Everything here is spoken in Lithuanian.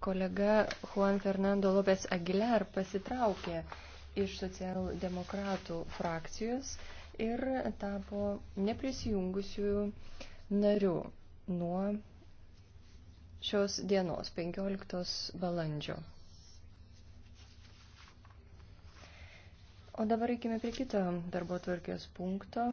kolega Juan Fernando López Aguilar pasitraukė iš socialdemokratų frakcijos ir tapo neprisijungusių narių nuo šios dienos 15 balandžio. O dabar reikime prie kito darbo tvarkės punkto.